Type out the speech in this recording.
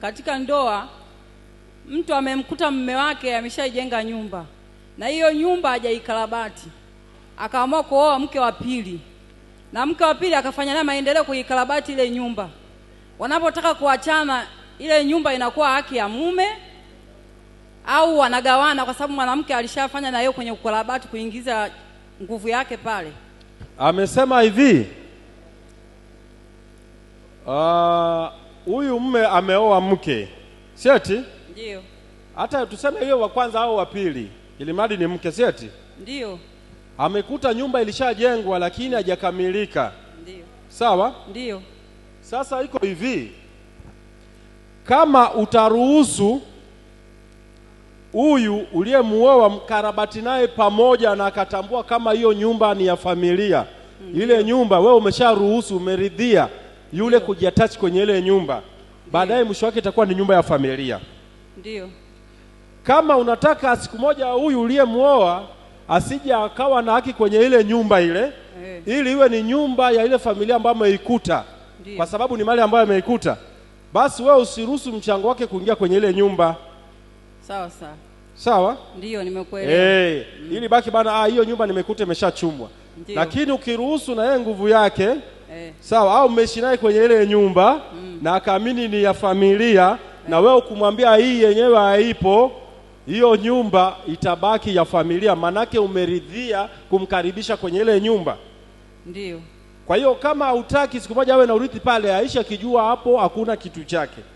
katika ndoa mtu amemkuta mume wake ameshaijenga nyumba na hiyo nyumba hajaikarabati, akaamua kuoa mke wa pili, na mke wa pili akafanya naye maendeleo kuikarabati ile nyumba. Wanapotaka kuachana, ile nyumba inakuwa haki ya mume au wanagawana, kwa sababu mwanamke alishafanya na yeye kwenye ukarabati, kuingiza nguvu yake pale. Amesema hivi uh huyu mme ameoa mke, si eti? Ndio. Hata tuseme hiyo wa kwanza au wa pili, ilimradi ni mke, si eti? Ndio. Amekuta nyumba ilishajengwa lakini hajakamilika. Ndio. Sawa? Ndio. Sasa iko hivi, kama utaruhusu huyu uliyemuoa mkarabati naye pamoja na akatambua kama hiyo nyumba ni ya familia, Ndiyo. Hmm. ile nyumba wewe umesharuhusu, umeridhia yule kujiattach kwenye ile nyumba, baadaye mwisho wake itakuwa ni nyumba ya familia. Ndio, kama unataka siku moja huyu uliyemwoa asije akawa na haki kwenye ile nyumba ile e, ili iwe ni nyumba ya ile familia ambayo ameikuta, kwa sababu ni mali ambayo ameikuta, basi wewe usiruhusu mchango wake kuingia kwenye ile nyumba. Sawa sawa. Sawa? Ndio, nimekuelewa. Eh, mm. Ili baki bana, ah, hiyo nyumba nimekuta imeshachumwa. Lakini ukiruhusu na yeye nguvu yake sawa, au mmeishi naye kwenye ile nyumba mm. na akaamini ni ya familia eh. na wewe ukumwambia hii yenyewe haipo, hiyo nyumba itabaki ya familia, manake umeridhia kumkaribisha kwenye ile nyumba. Ndiyo. Kwa hiyo kama hautaki siku moja awe na urithi pale, aisha kijua hapo hakuna kitu chake.